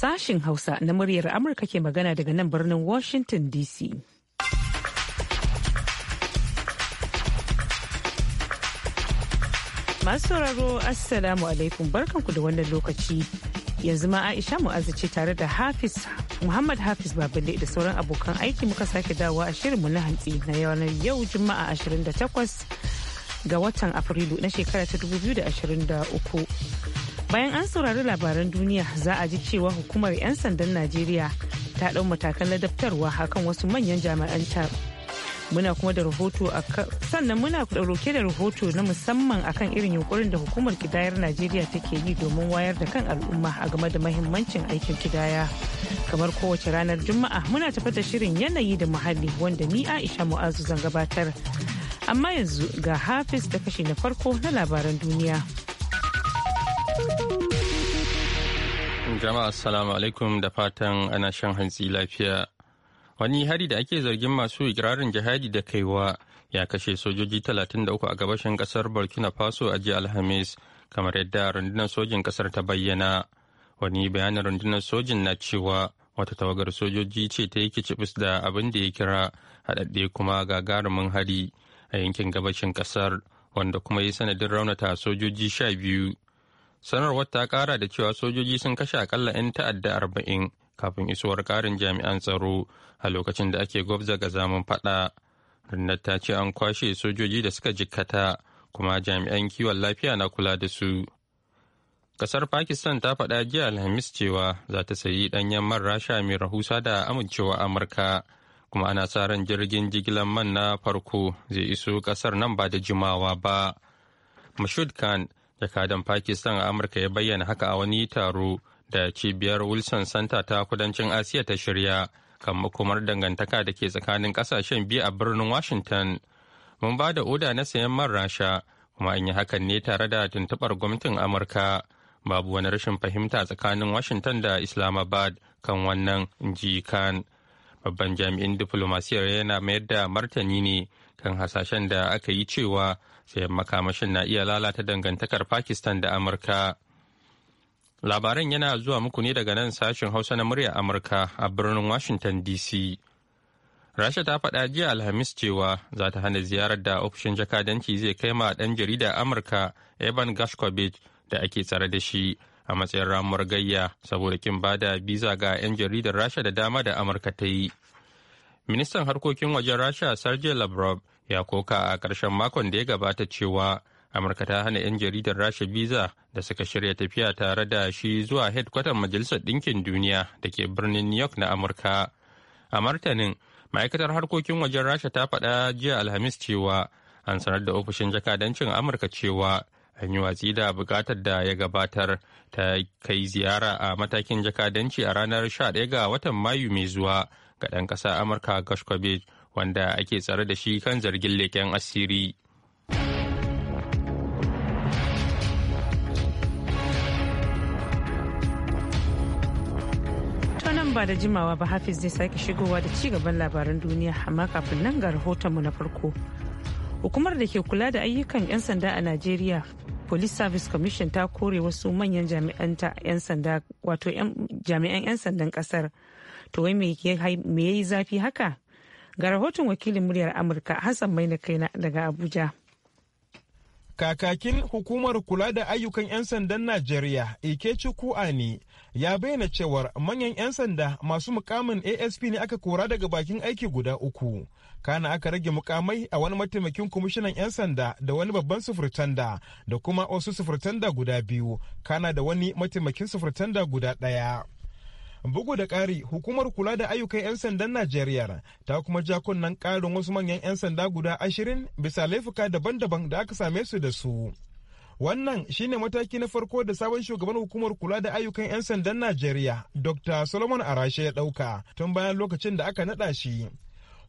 Sashin Hausa na muryar Amurka ke magana daga nan birnin Washington DC. Masu sauraro Assalamu alaikum barkanku da wannan lokaci. Yanzu ma Aisha Mu'azu ce tare da Hafiz Muhammad Hafiz Babalde da sauran abokan aiki muka sake dawowa a shirinmu na hantsi na yanar yau Juma'a 28 ga watan Afrilu na shekara ta 2023. bayan an saurari labaran duniya za a ji cewa hukumar 'yan sandan najeriya ta ɗau matakan ladabtarwa akan wasu manyan jami'an ta muna kuma da rahoto sannan muna ɗauke da rahoto na musamman akan irin yunkurin da hukumar kidayar najeriya take yi domin wayar da kan al'umma a game da mahimmancin aikin kidaya kamar kowace ranar juma'a muna tafi da shirin yanayi da muhalli wanda ni aisha mu'azu zan gabatar amma yanzu ga hafiz da kashi na farko na labaran duniya. Jama'a assalamu alaikum da fatan ana shan hantsi lafiya. Wani hari da ake zargin masu ikirarin jihadi da kaiwa ya kashe sojoji 33 a gabashin kasar Burkina Faso a jiya Alhamis kamar yadda rundunar sojin kasar ta bayyana. Wani bayanin rundunar sojin na cewa wata tawagar sojoji ce ta yi kicibis da abin da ya kira haɗaɗɗe kuma gagarumin hari a yankin gabashin kasar wanda kuma yi sanadin raunata sojoji sha biyu. sanarwar ta kara da cewa sojoji sun kashe akalla 'yan ta'adda arba'in kafin isuwar karin jami'an tsaro a lokacin da ake gwabza ga zaman fada rinnar ta ce an kwashe sojoji da suka jikkata kuma jami'an kiwon lafiya na kula da su kasar pakistan ta faɗa jiya alhamis cewa za ta sayi ɗanyen man rasha mai rahusa da amincewa amurka kuma ana sa ran jirgin jigilar man na farko zai iso ƙasar nan ba da jimawa ba mashud khan jakadan pakistan a amurka ya bayyana haka a wani taro da cibiyar wilson center ta kudancin asiya ta shirya kan makomar dangantaka da ke tsakanin kasashen biyu a birnin washington mun ba da oda na sayan man rasha kuma an yi hakan ne tare da tuntubar gwamnatin amurka babu wani rashin fahimta tsakanin washington da islamabad kan wannan ji kan babban jami'in diplomasiyar yana mayar da martani ne kan hasashen da aka yi cewa sayan makamashin na iya lalata dangantakar pakistan da amurka labaran yana zuwa muku ne daga nan sashen hausa na murya amurka a birnin washington dc rasha ta faɗa jiya alhamis cewa za ta hana ziyarar da ofishin jakadanci zai kai ma ɗan jarida amurka evan gashkovich da ake tsare da shi a matsayin ramuwar gayya saboda kin bada biza ga 'yan jaridar rasha da dama da amurka ta yi ministan harkokin wajen rasha sergei lavrov ya koka a ƙarshen makon da ya gabata cewa amurka ta hana 'yan jaridar rasha biza da suka shirya tafiya tare da shi zuwa hedkwatar majalisar ɗinkin duniya da ke birnin new york na amurka a martanin ma'aikatar harkokin wajen rasha ta faɗa jiya alhamis cewa an sanar da ofishin jakadancin amurka cewa an yi watsi da buƙatar da ya gabatar ta kai ziyara a matakin jakadanci a ranar 11 ga watan mayu mai zuwa ga ɗan ƙasa amurka gashkovich wanda ake tsare da shi kan zargin leken asiri. ba da jimawa ba hafiz zai sake shigowa da ci gaban labaran duniya amma kafin nan ga rahotonmu na farko hukumar da ke kula da ayyukan 'yan sanda a najeriya police service commission ta kore wasu manyan 'yan sanda wato jami'an 'yan sandan kasar to wai me ya yi zafi haka Ga rahoton wakilin muryar Amurka Hassan Maina kaina daga Abuja. Kakakin hukumar kula da ayyukan 'yan sandan Najeriya, Ikechukwu Ani, ya bayyana cewar manyan 'yan sanda masu mukamin ASP ne aka kora daga bakin aiki guda uku. Kana aka rage mukamai a wani mataimakin kwamishinan 'yan sanda da wani babban sufurtanda da kuma wasu sufurtanda guda biyu, kana da wani mataimakin sufurtanda guda ɗaya. Bugu da ƙari, hukumar kula da ayyukan 'yan sandan Najeriya ta kuma ja kunnan ƙarin wasu manyan 'yan sanda guda ashirin bisa laifuka daban-daban da aka same su da su. Wannan shine mataki na farko da sabon shugaban hukumar kula da ayyukan 'yan sandan Najeriya, Dr. Solomon Arashe ya ɗauka tun bayan lokacin da aka naɗa shi.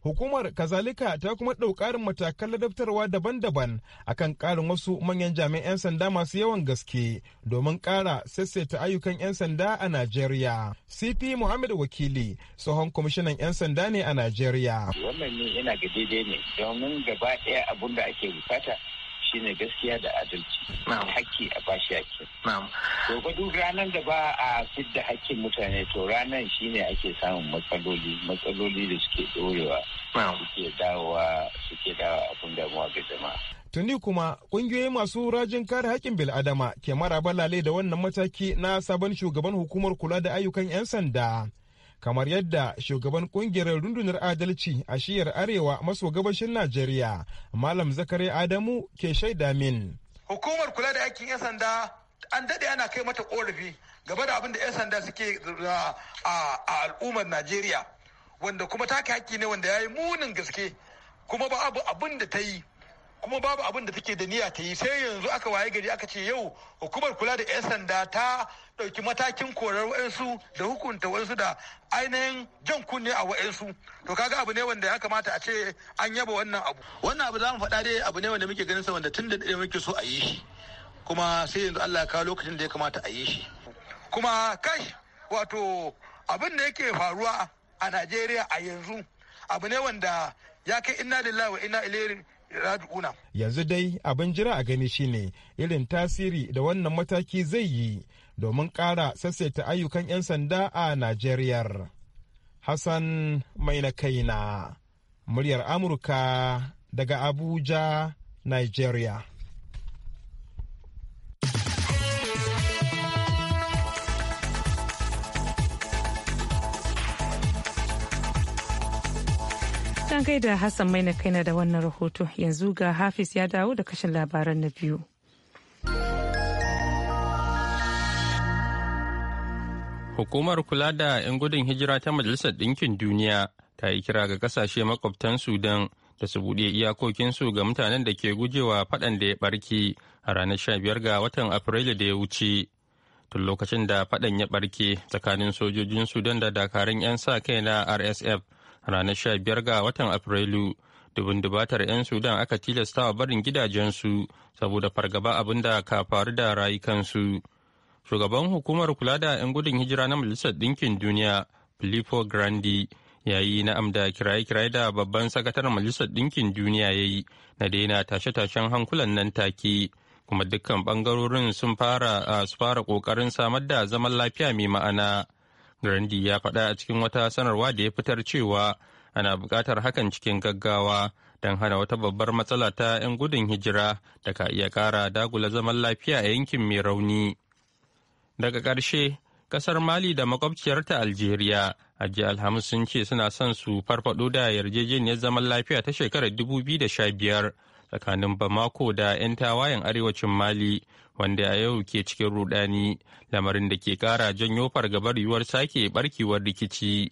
Hukumar kazalika ta kuma ɗau matakan ladabtarwa daban-daban akan ƙarin wasu manyan jami'an 'yan sanda masu yawan gaske domin ƙara sassaita ayyukan 'yan sanda a Najeriya. CP Muhammad Wakili tsohon kwamishinan 'yan sanda ne a Najeriya. Wannan ne yana da daidai ne domin gaba ɗaya abun da ake bukata shine gaskiya da adalci haƙƙi a bashi haƙƙi to ba duk ranar da ba a fidda haƙƙin mutane to ranar shine ake samun matsaloli matsaloli da suke dorewa suke dawowa suke abun damuwa ga jama'a tuni kuma kungiyoyi masu rajin kare haƙƙin bil'adama ke mara balale da wannan mataki na sabon shugaban hukumar kula da ayyukan 'yan sanda kamar yadda shugaban kungiyar rundunar adalci a shiyar arewa maso gabashin najeriya malam zakari adamu ke shaida min hukumar kula da aikin 'yan sanda an dade ana kai mata korafi gaba da abin da 'yan sanda suke a al'ummar najeriya wanda kuma take haƙƙi ne wanda ya yi munin gaske kuma ba abu abin da ta yi kuma babu abin da take da niyya ta yi sai yanzu aka waye gari aka ce yau hukumar kula da 'yan sanda ta ɗauki matakin korar wa'ansu da hukunta wa'insu da ainihin jan kunne a wa'ansu to kaga abu ne wanda ya kamata a ce an yaba wannan abu wannan abu za mu faɗa dai abu ne wanda muke ganin sa wanda tun da ɗaya muke so a yi shi kuma sai yanzu Allah ya kawo lokacin da ya kamata a yi shi kuma kai wato abin da yake faruwa a Najeriya a yanzu abu ne wanda ya kai inna lillahi wa inna ilaihi raduna. yanzu dai abin jira a gani shine irin tasiri da wannan mataki zai yi domin ƙara sassaita ayyukan 'yan sanda a najeriya hassan mai na kaina muryar amurka daga abuja nigeria An gaida Hassan Maina kaina da wannan rahoto yanzu ga Hafiz ya dawo da kashin labaran na biyu. Hukumar kula da 'yan gudun hijira ta Majalisar Ɗinkin Duniya ta yi kira ga kasashe makwabtan Sudan da su buɗe iyakokinsu ga mutanen da ke gujewa faɗan da ya ɓarke a ranar 15 ga watan Afrilu da ya wuce. Tun lokacin da faɗan ya ɓarke tsakanin sojojin Sudan da dakarun 'yan sa kai na RSF ranar 15 ga watan Afrilu. dubin dubatar 'yan sudan aka tilasta wa barin gidajensu saboda fargaba abin da ka faru da rayukansu shugaban hukumar kula da 'yan gudun hijira na majalisar dinkin duniya filippo grandi yayi yi na'am da kiraye-kiraye da babban sakatar majalisar dinkin duniya ya yi na daina tashe-tashen hankulan nan take kuma dukkan bangarorin sun fara su fara ƙoƙarin samar da zaman lafiya mai ma'ana. Grandi ya faɗa a cikin wata sanarwa da ya fitar cewa ana buƙatar hakan cikin gaggawa don hana wata babbar matsala ta 'yan gudun hijira da ka iya ƙara dagula zaman lafiya a yankin mai rauni. Daga ƙarshe, ƙasar Mali da makwabciyarta Algeria a jiya Alhamis sun ce suna son su farfaɗo da yarjejeniyar zaman lafiya ta shekarar 2015 tsakanin Bamako da 'yan tawayen arewacin Mali wanda a yau ke cikin rudani lamarin da ke kara janyo fargabar yiwuwar sake barkewar rikici.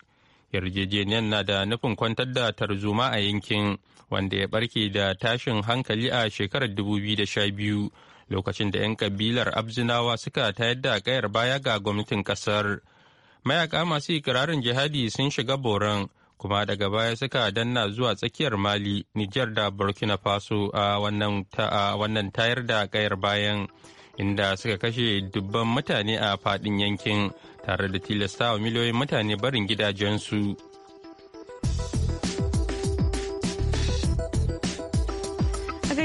Yarjejeniyar na da nufin kwantar da tarzoma a yankin wanda ya barke da tashin hankali a shekarar 2012 lokacin da 'yan kabilar Abzinawa suka tayar da kayar baya ga gwamnatin kasar. Mayaka masu ikirarin jihadi sun shiga boran kuma daga baya suka danna zuwa tsakiyar mali nijar da burkina faso a wannan tayar da kayar bayan inda suka kashe dubban mutane a fadin yankin tare da tilasta wa miliyoyin mutane barin gidajensu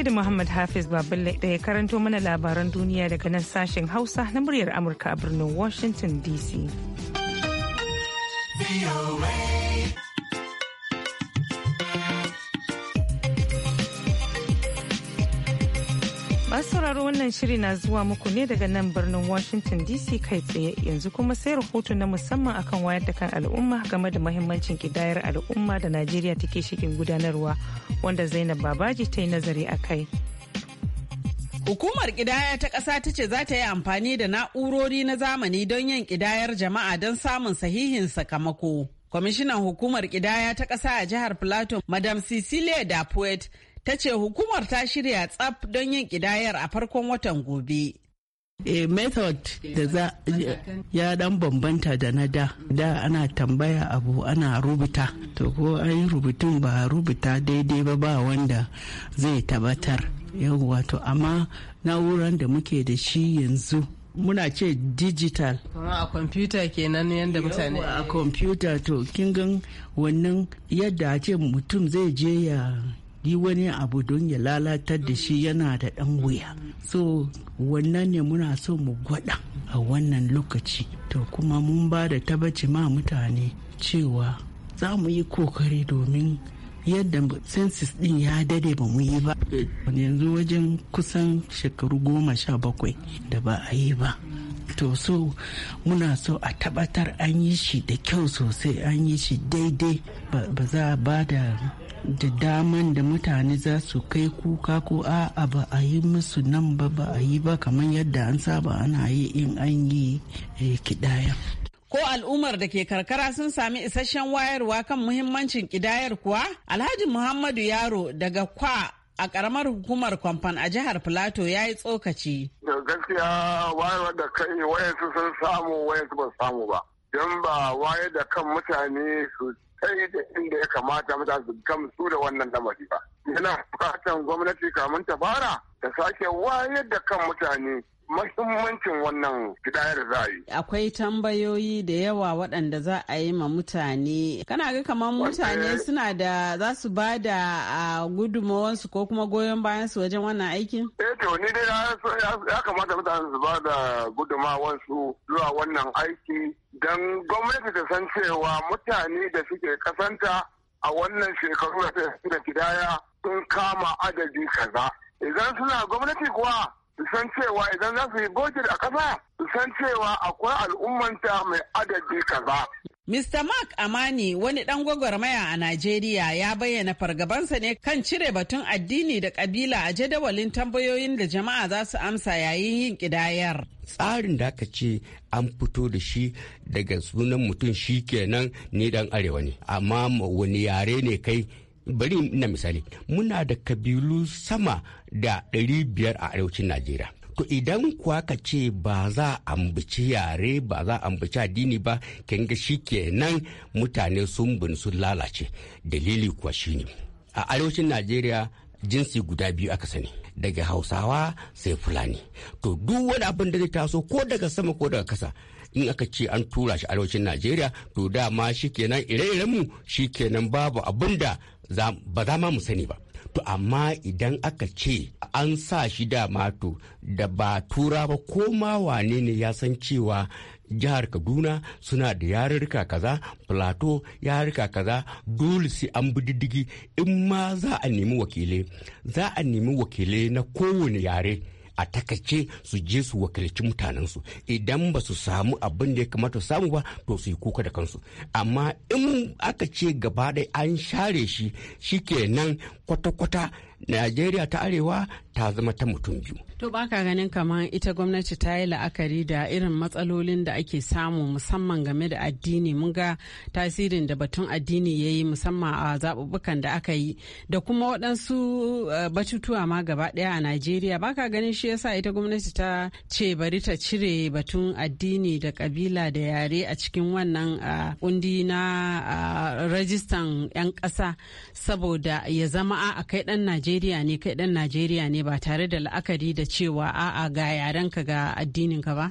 da Muhammad Hafiz Baballe ya karanto mana labaran duniya daga nan sashen Hausa na muryar Amurka a birnin Washington DC. masu sauraro wannan shiri na zuwa muku ne daga nan birnin washington dc kai tsaye yanzu kuma sai rahoto na musamman akan wayar da kan al'umma game da mahimmancin kidayar al'umma da najeriya take shigin gudanarwa wanda zainab babaji ta yi nazari a kai Hukumar kidaya ta kasa ta ce za ta yi amfani da na'urori na zamani don yin kidayar jama'a don samun sahihin sakamako. Kwamishinan hukumar kidaya ta kasa a jihar Plateau, Madam Cecilia Dapuet, ta ce hukumar ta shirya tsaf don yin kidayar a farkon watan gobe. E, method da za ya dan bambanta da na da da ana tambaya abu ana rubuta to ko an yi rubutun ba rubuta daidai ba ba wanda zai tabbatar yawwa to amma na'uran da muke da shi yanzu muna ce digital a kwamfuta kenan yadda mutane a kwamfuta to kin gan wannan yadda a ce mutum zai je ya yi wani abu don ya lalatar da shi yana da ɗan wuya so wannan ne muna so mu gwada a wannan lokaci to kuma mun ba da tabbaci ma mutane cewa za mu yi kokari domin yadda census din ya dade ba mu yi ba yanzu wajen kusan shekaru goma sha bakwai da ba a yi ba to so muna so a tabbatar an yi shi da kyau sosai an yi shi daidai ba za a ba da da daman da mutane za su kai kuka ko a'a ba a yi musu nan ba ba a yi ba kamar yadda an saba ana yi in an yi eh, kidaya. ko al'ummar da ke karkara sun sami isasshen wayarwa kan muhimmancin kidayar kuwa alhaji muhammadu yaro daga kwa a karamar hukumar kwamfan a jihar filato ya yi tsokaci da gaskiya wayarwa da kai wayansu sun samu wayansu ba samu ba don ba wayar da kan mutane su sai da inda ya kamata mutane su gamsu da wannan lamari ba. Yana bukatan gwamnati kamun ta fara ta sake wayar da kan mutane mahimmancin wannan gidayar za a yi. Akwai tambayoyi da yawa waɗanda za a yi ma mutane. Kana ga kamar mutane suna da za su ba da gudunmawarsu ko kuma goyon bayansu wajen wannan aikin? Eh to ni dai ya kamata mutane su ba da gudunmawarsu zuwa wannan aiki don gwamnati ta san cewa mutane da suke kasanta a wannan shekaru da kidaya sun kama adadi kaza idan suna gwamnati kuwa san cewa idan za su yi budget a ƙasa san cewa akwai al'ummanta mai adadi kaza. Mr. Mark Amani wani ɗan gwagwarmaya a Najeriya ya bayyana fargabansa ne kan cire batun addini da ƙabila a jadawalin tambayoyin da jama'a za su amsa yayin yin ƙidayar. Tsarin da aka ce an fito da shi daga sunan mutum shi kenan ne dan arewa ne, amma wani yare ne kai bari na misali muna da kabilu sama da biyar a arewacin najeriya to idan kuwa ka ce ba za a ambaci yare ba za a ambaci addini ba kenga shi kenan mutane sun bin sun lalace dalili kuwa shine a arewacin najeriya jinsi guda biyu aka sani daga hausawa sai fulani to duk wani abin da zai taso ko daga sama ko daga kasa in aka ce an tura shi arewacin najeriya to dama shikenan ire-irenmu kenan babu abin da ba za ma mu sani ba to amma idan aka ce an sa shi da mato da ba tura ba ko ma wane ne ya san cewa jihar kaduna suna da yarurruka kaza plateau yarurruka kaza dole sai an bi diddigi in ma za a nemi wakilai za a nemi wakilai na kowane yare a takaice su je su wakilci mutanensu idan ba su samu abin da ya kamata su samu ba to su yi kuka da kansu amma in aka ce gaba ɗaya an share shi shi shikenan kwata-kwata najeriya ta arewa ta zama ta mutum biyu to baka ganin kamar ita gwamnati ta yi la'akari da irin matsalolin da ake samu musamman game da addini mun ga tasirin da batun addini ya yi musamman a zaɓuɓɓukan da aka yi da kuma waɗansu eh, batutuwa ma gaba ɗaya a najeriya baka ganin shi yasa ita gwamnati ta ce bari ta cire batun addini da kabila da yare a cikin wannan eh, kundi na eh, rajistan 'yan ƙasa saboda ya zama a kai ɗan najeriya Najeriya ne kai dan Najeriya ne ba tare da la'akari da cewa a'a ga yarenka ga addininka ba?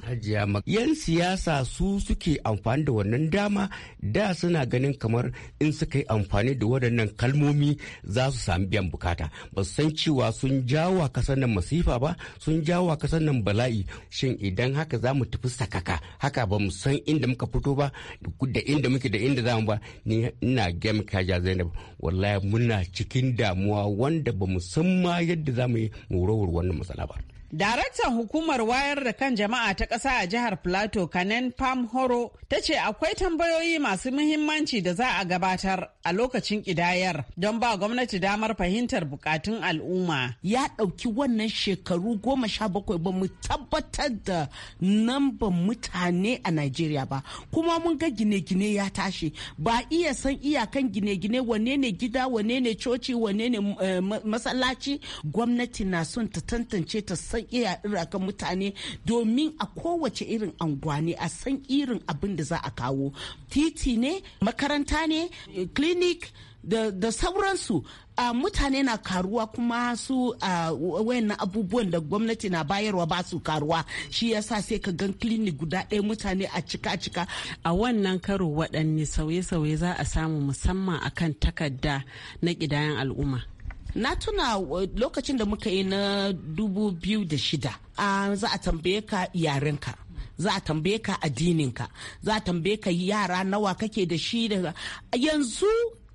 yan siyasa su suke amfani da wannan dama da suna ganin kamar in suka yi amfani da waɗannan kalmomi za su sami biyan bukata ba su san cewa sun jawa kasan nan masifa ba sun jawa kasan nan bala'i shin idan haka za mu tafi sakaka haka ba mu san inda muka fito ba da inda muke da inda za mu ba ni ina gaya maka Zainab wallahi muna cikin damuwa wanda ba ba mu san ma yadda za mu yi mu wannan matsala ba. Daraktan hukumar wayar da kan jama'a ta ƙasa a jihar Plateau Kanen Pam Horo ta ce akwai tambayoyi masu muhimmanci da za a gabatar a lokacin ƙidayar don ba gwamnati damar fahimtar bukatun al'umma. Ya ɗauki wannan shekaru goma sha bakwai ba mu tabbatar da ba mutane a Najeriya ba. Kuma mun ga gine-gine ya tashi ba iya san iyakan gine-gine wane ne gida wane ne coci wane ne eh, masallaci gwamnati na son ta tantance ta san sauƙi ya ɗira kan mutane domin a kowace irin angwani a san irin abin da za a kawo titi ne makaranta ne clinic da, sauransu uh, mutane na karuwa kuma su uh, wayannan abubuwan da gwamnati na bayarwa ba su karuwa shi yasa sai ka gan klinik guda ɗaya mutane a cika cika a wannan karo waɗanne sauye-sauye za a samu musamman akan takarda na ƙidayen al'umma na tuna uh, lokacin da muka yi na dubu biyu da shida a za a tambaye ka yarenka za a tambaye ka addininka za a tambaye ka yara nawa kake da shi daga yanzu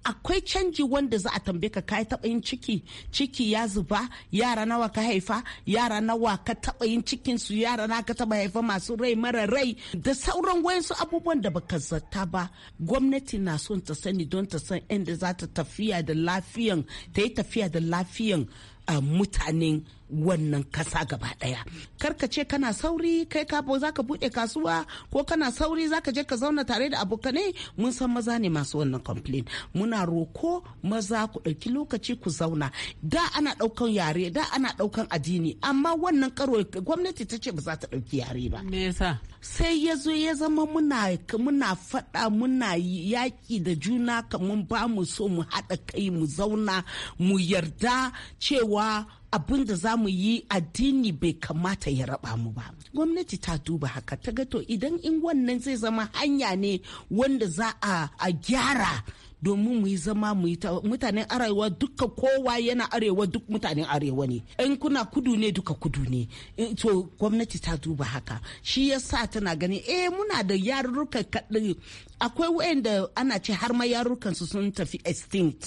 akwai canji wanda za a tambaye ka kai taba yin ciki ciki ya zuba yara nawa ka haifa yara nawa ka taba yin cikin su yara na ka taɓa haifa masu rai mara rai da sauran wayansu abubuwan da baka zata ba gwamnati na son ta sani don ta san inda za ta tafiya da lafiyan ta yi tafiya da lafiyan ah, mutanen wannan kasa gaba daya karka ce kana sauri kai ka za ka bude kasuwa ko kana sauri za ka je ka zauna tare da abokanai mun san maza ne masu wannan complain muna roko maza ku ɗauki lokaci ku zauna da ana ɗaukan yare da ana ɗaukan addini amma wannan karo gwamnati ta ce ba za ta ɗauki yare ba me yasa sai ya ya zama muna muna faɗa muna yaƙi da juna kamar ba mu so mu haɗa kai mu zauna mu yarda cewa abin da za mu yi addini bai kamata ya raba mu ba gwamnati ta duba haka ta ga to idan in wannan zai zama hanya ne wanda za a gyara domin mu yi zama mu yi ta mutanen arewa duka kowa yana arewa duk mutanen arewa ne in kuna kudu ne duka kudu ne to gwamnati ta duba haka shi yasa tana gani eh muna da yarurruka kaɗan akwai wayanda ana ce har ma yarukan su sun tafi extinct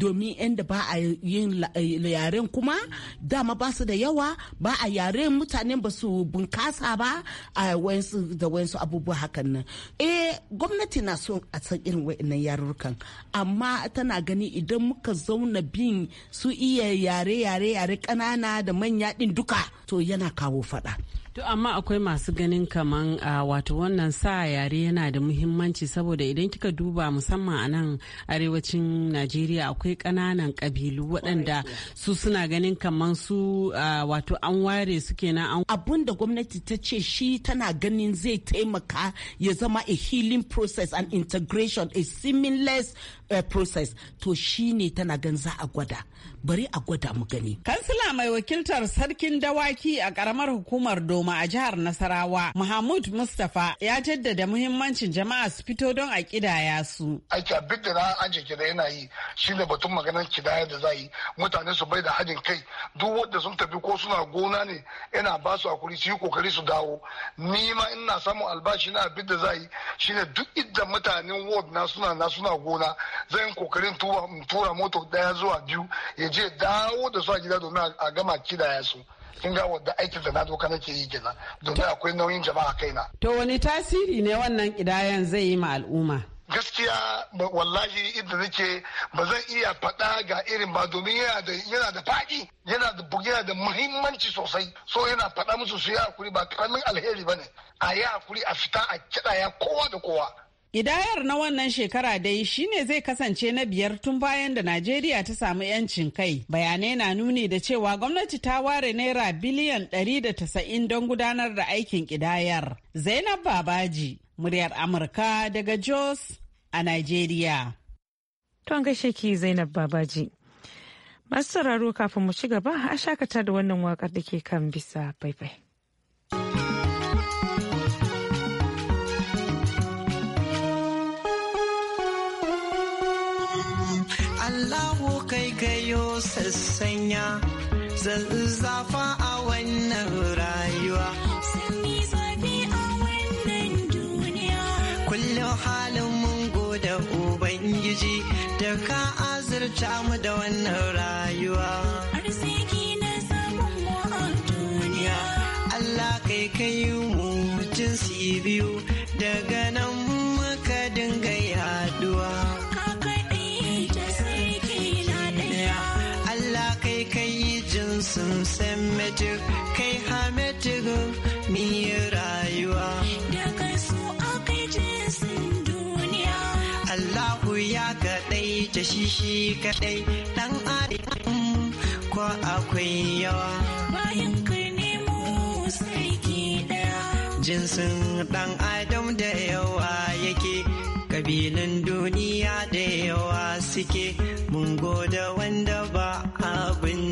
domin inda ba a yin eh, yaren kuma dama ba su da yawa ba a yaren mutanen ba su bunkasa ba a wayansu da wayansu abubuwa hakan nan eh gwamnati na so a san irin wayannan yarurukan amma tana gani idan muka zauna bin su iya yare yare yare kanana da manya din duka to yana kawo fada To amma akwai masu ganin kaman a wato wannan sa yare yana da muhimmanci saboda idan kika duba musamman a nan arewacin Najeriya akwai kananan kabilu waɗanda su suna ganin kaman su wato an ware su kenan an. Abun da gwamnati ta ce shi tana ganin zai taimaka ya zama a healing process and integration a seamless Eh, process to shine tana gan za a gwada bari a gwada mu gani kansila mai wakiltar sarkin dawaki a karamar hukumar doma a jihar nasarawa mahmud mustapha ya jaddada muhimmancin jama'a su fito don a kidaya su aiki abin da na an kida yana yi shi ne batun maganar kidaya da za yi mutane su bai da hajin kai duk wanda sun tafi ko suna gona ne yana ba su hakuri su yi kokari su dawo ni ma ina samun albashi na abin da za yi shi ne duk idan mutanen ward na suna na suna gona zan yi kokarin tura moto daya zuwa biyu ya je dawo da su gida domin a gama kidaya su kin ga wadda aikin da na doka nake yi kenan domin akwai nauyin jama'a kaina to wani tasiri ne wannan kidayan zai yi ma al'umma gaskiya wallahi inda nake ba zan iya faɗa ga irin ba domin yana da yana da faɗi yana da yana da muhimmanci sosai so yana faɗa musu su yi hakuri ba karamin alheri bane a yi hakuri a fita a kiɗaya kowa da kowa Ƙidayar na wannan shekara dai shine zai kasance na biyar tun bayan da Najeriya ta samu 'yancin kai. Bayanai na nuni da cewa gwamnati ta ware naira biliyan ɗari da 190 don gudanar da aikin ƙidayar. Zainab Babaji, muryar Amurka daga Jos a Najeriya. Ton gaishe ki Zainab Babaji. Masu sauraro kafin mu ci gaba a shakata da wannan waƙar da ke kan bisa faifai. Allahu kai gayo sassanya zazzafa a wannan rayuwa. Kullum halin mun goda Ubangiji da ka azurta mu da wannan rayuwa. Arziki na samun duniya. Allah kai kai mu jinsi biyu. hametik kai hametik mi rayuwa da kai su akai jinsin duniya Allahu ya kaɗai ta shi kaɗai. kadai dan adam ko akwai yawa bayan kai mu sarki daya jinsin dan adam da yawa yake kabilan duniya da yawa suke mun goda wanda ba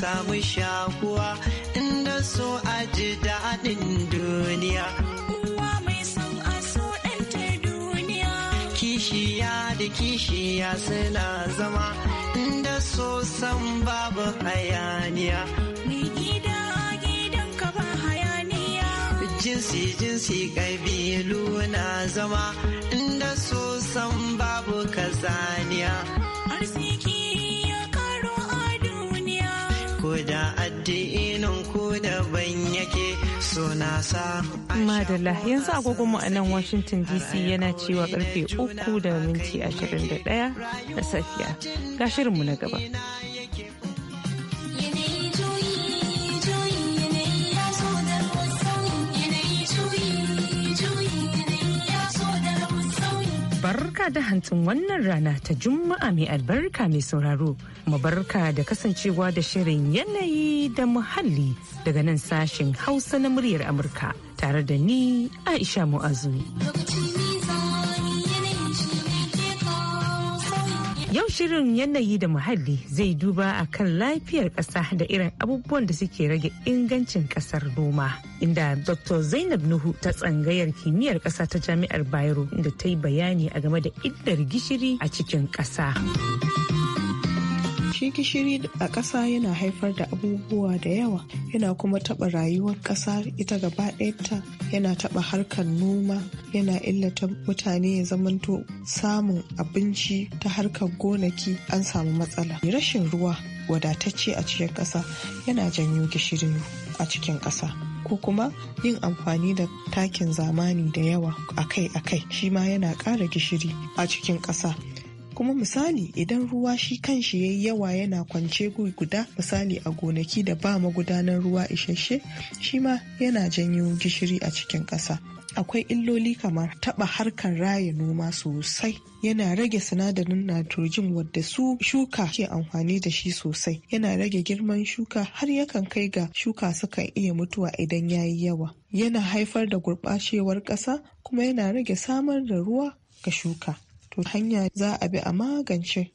samu shakuwa inda so a ji daɗin duniya. Uwa mai son a so ɗanta duniya. Kishiya da kishiya suna zama inda so san babu hayaniya. Mai gida gidan ka ba hayaniya. Jinsi jinsi ƙabilu na zama inda so san babu kazaniya. Arziki Madalla yanzu agogonmu a nan Washington DC yana cewa karfe uku da minti 21 na safiya. Ga shirinmu na gaba. barka da hantsin wannan rana ta Juma'a mai albarka mai sauraro. Mabarka da kasancewa da shirin yanayi da muhalli daga nan sashen Hausa na muryar Amurka tare da ni Aisha Mu'azu. Yau shirin yanayi da muhalli zai duba a kan lafiyar ƙasa da irin abubuwan da suke rage ingancin ƙasar noma. Inda Dr. Zainab Nuhu ta tsangayar kimiyyar ƙasa ta Jami'ar Bayero inda ta yi bayani a game da illar gishiri a cikin ƙasa. shi gishiri a ƙasa yana haifar da abubuwa da yawa yana kuma taɓa rayuwar ƙasa ita gaba ɗayanta yana taɓa harkar noma yana illata mutane ya zamanto samun abinci ta harkar gonaki an samu matsala rashin ruwa wadatacce a cikin ƙasa yana janyo gishiri a cikin ƙasa ko kuma yin amfani da takin zamani da yawa akai-akai shi ma yana ƙara gishiri a cikin ƙasa kuma misali idan ruwa shi kanshi yayi yawa yana kwance guda misali a gonaki da ba magudanar ruwa isasshe shi ma yana janyo gishiri a cikin ƙasa akwai illoli kamar taɓa harkar raya noma sosai yana rage sinadarin nitrogen wadda su shuka ke amfani da shi sosai yana rage girman shuka har yakan kai ga shuka sukan iya mutuwa idan ya yi yawa yana haifar da gurɓacewar ƙasa kuma yana rage samar da ruwa ga shuka to hanya za a bi a magance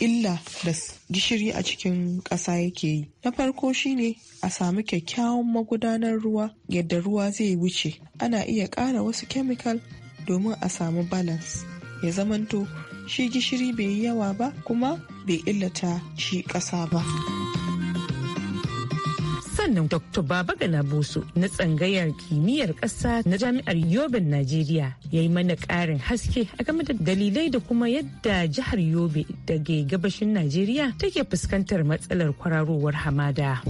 illa da gishiri a cikin ƙasa yake yi na farko shine a samu kyakkyawan magudanar ruwa yadda ruwa zai wuce ana iya ƙara wasu kemikal domin a samu balance ya zamanto shi gishiri bai yi yawa ba kuma bai illata shi ƙasa ba. sannan dr baba gana boso na tsangayar kimiyyar ƙasa na jami'ar yobin najeriya ya yi mana ƙarin haske a game da dalilai da kuma yadda jihar yobe daga ke gabashin najeriya take fuskantar matsalar kwararowar hamada.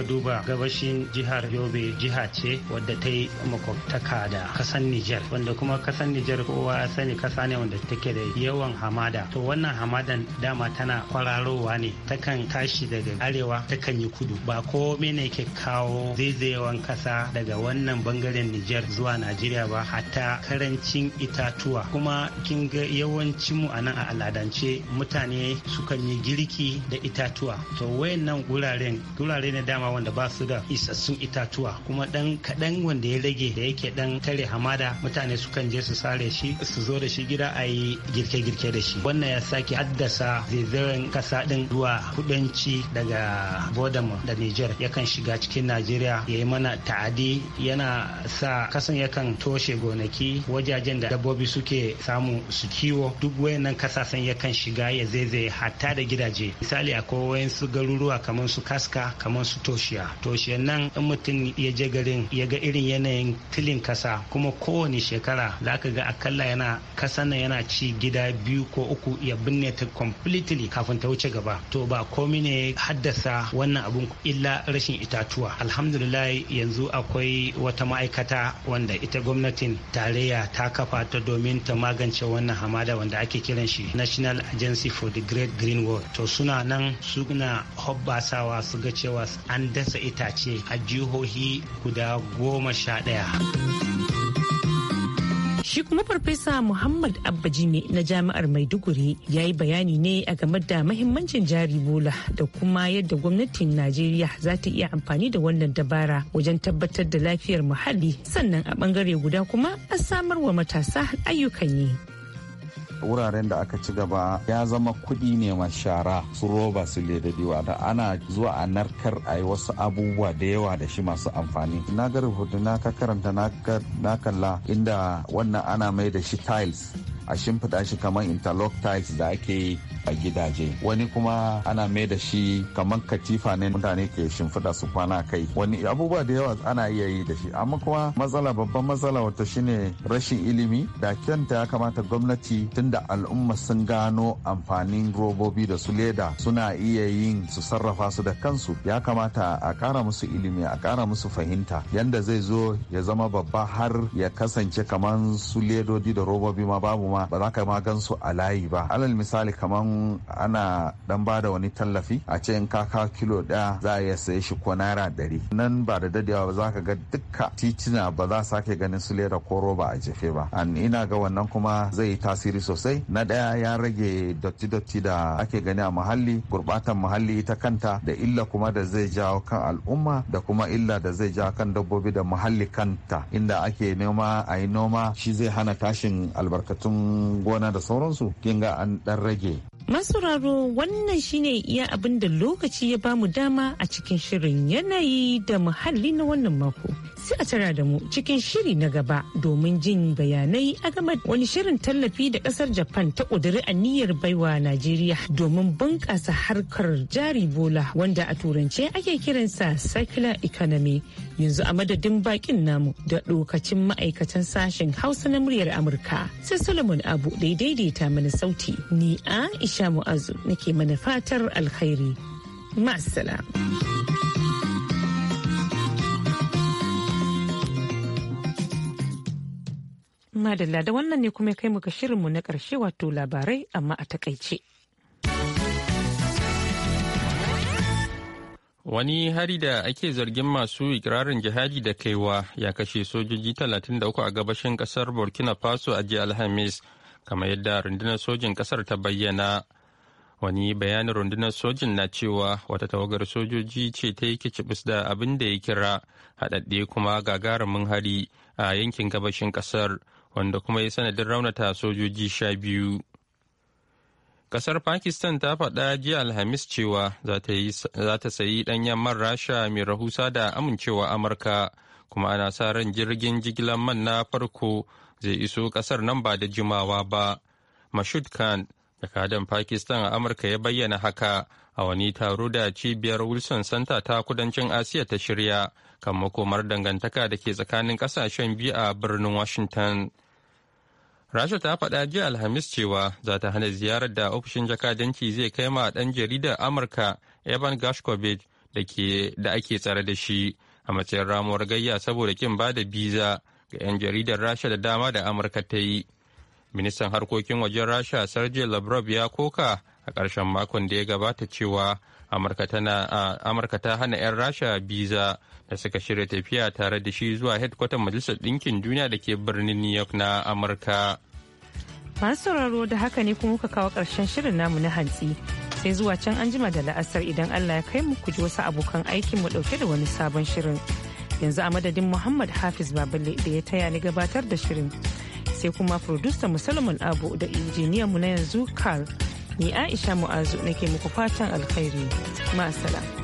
muka duba gabashin jihar yobe jiha ce wadda ta yi makwabtaka da kasan niger wanda kuma kasan niger kowa sani kasa ne wanda take da yawan hamada to wannan hamadan dama tana kwararowa ne takan tashi daga arewa takan yi kudu ba ko ne ke kawo zaizayewan kasa daga wannan bangaren niger zuwa najeriya ba hatta karancin itatuwa kuma kin ga yawancin mu a nan a aladance mutane sukan yi girki da itatuwa to wayannan guraren gurare na dama wanda ba su da isassun itatuwa kuma dan kadan wanda ya rage da yake dan tare hamada mutane sukan je su sare shi su zo da shi gida a yi girke-girke da shi wannan ya sake haddasa zaizayen kasa din zuwa kudanci daga bodamu da niger yakan shiga cikin najeriya ya yi mana ta'adi yana sa kasan yakan toshe gonaki wajajen da dabbobi suke samu su kiwo duk wayannan kasasen yakan shiga ya zaizaye hatta da gidaje misali akwai wayansu garuruwa kamar su kaska kamar su toshiya toshiya nan in mutum ya je garin ya ga irin yanayin tilin kasa kuma kowane shekara za ka ga akalla yana kasa na yana ci gida biyu ko uku ya binne ta completely kafin ta wuce gaba to ba komi ne haddasa wannan abun illa rashin itatuwa alhamdulillah yanzu akwai wata ma'aikata wanda ita gwamnatin tarayya ta kafa ta domin ta magance wannan hamada wanda ake kiran shi national agency for the great green world to suna nan suna hobbasawa su ga cewa an an dasa itace a jihohi guda goma sha ɗaya. Shi kuma Farfesa Muhammad Abbajime na Jami'ar Maiduguri ya yi bayani ne a game da mahimmancin jari bola da kuma yadda gwamnatin Najeriya za ta iya amfani da wannan dabara wajen tabbatar da lafiyar muhalli sannan a bangare guda kuma a samar wa matasa ayyukan yi. wuraren da aka ci gaba ya zama kuɗi ne ma shara su roba su ledadewa da ana zuwa a narkar a yi wasu abubuwa da yawa da shi masu amfani na ga rubutu na ka karanta na kalla inda wannan ana mai da shi tiles a shimfiɗa shi kamar interlock tiles da ake yi a gidaje wani kuma ana mai da shi kamar katifa ne mutane ke shimfida su kwana kai wani abubuwa da yawa ana iya yi da shi amma kuma matsala babban matsala wata shine rashin ilimi da kyanta ya kamata gwamnati tunda al'umma sun gano amfanin robobi da su leda suna iya yin su sarrafa su da kansu ya kamata a kara musu ilimi a kara musu fahimta yanda zai zo ya zama babba har ya kasance kamar su ledodi da robobi ma babu ma ba za ka ma gan a layi ba alal misali kamar ana dan ba da wani tallafi a ce in ka kilo daya za a iya saye shi ko naira ɗari nan ba da dadewa ba za ka ga dukka titina ba za sake ganin su lera ko roba a jefe ba an ina ga wannan kuma zai yi tasiri sosai na ɗaya ya rage dotti-dotti da ake gani a muhalli gurbatan muhalli ita kanta da illa kuma da zai jawo kan al'umma da kuma illa da zai jawo kan dabbobi da muhalli kanta inda ake noma a yi noma shi zai hana tashin albarkatun gona da sauransu kinga an ɗan rage masuraro wannan shine iya abin da lokaci ya bamu dama a cikin shirin yanayi da muhalli na wannan mako. Sai a tara da mu cikin shiri na gaba domin jin bayanai a game wani shirin tallafi da kasar Japan ta ƙudiri niyyar baiwa Najeriya domin bunƙasa harkar jari bola wanda a turance ake kiransa circular economy. yanzu a madadin bakin namu da lokacin ma'aikatan sashen hausa na muryar amurka sai solomon abu da daidaita mana sauti ni aisha mu'azu nake mana fatar alkhairi ma'asala. Madalla da wannan ne kuma kai muka shirinmu na karshe wato labarai amma a takaice. Wani hari da ake zargin masu ikirarin jihadi da kaiwa ya kashe sojoji 33 a gabashin kasar Burkina Faso a jiya Alhamis, kamar yadda rundunar sojin kasar ta bayyana. Wani bayanin rundunar sojin na cewa wata tawagar sojoji ce ta yi kicibis da abin da ya kira haɗaɗɗe kuma gagarumin hari a yankin gabashin kasar, wanda kuma ya sanadin raunata sojoji sha biyu. Kasar Pakistan ta faɗa jiya Alhamis cewa za ta sayi ɗanyen man Rasha mai rahusa da amincewa Amurka, kuma ana sa ran jirgin jigilar man na farko zai iso ƙasar nan ba da jimawa ba. Mashud Khan, jakadan Pakistan a Amurka ya bayyana haka a wani taro da cibiyar Wilson santa ta kudancin Asiya ta shirya kan makomar dangantaka da ke tsakanin ƙasashen biyu a birnin Washington. rasha ta faɗa jiya alhamis cewa za ta hana ziyarar da ofishin jakadanci zai kai ma ɗan jaridar amurka evan gashkovich da ake tsare da shi a matsayin ramuwar gayya saboda kin ba da biza ga 'yan jaridar rasha da dama da amurka ta yi ministan harkokin wajen rasha sergei lavrov ya koka a ƙarshen makon da ya gabata cewa amurka ta hana 'yan rasha biza da suka shirya tafiya tare da shi zuwa hedkwatar majalisar ɗinkin duniya da ke birnin new york na amurka masu sauraro da haka ne kuma kawo karshen shirin namu na hantsi sai zuwa can an jima da la'asar idan allah ya kai mu ku ji wasu abokan aikin mu dauke da wani sabon shirin yanzu a madadin muhammad hafiz baballe da ya taya ni gabatar da shirin sai kuma producer musulman abu da injiniyan mu na yanzu carl Ni Aisha Mu'azu nake muku fatan alkhairi. Ma'asala.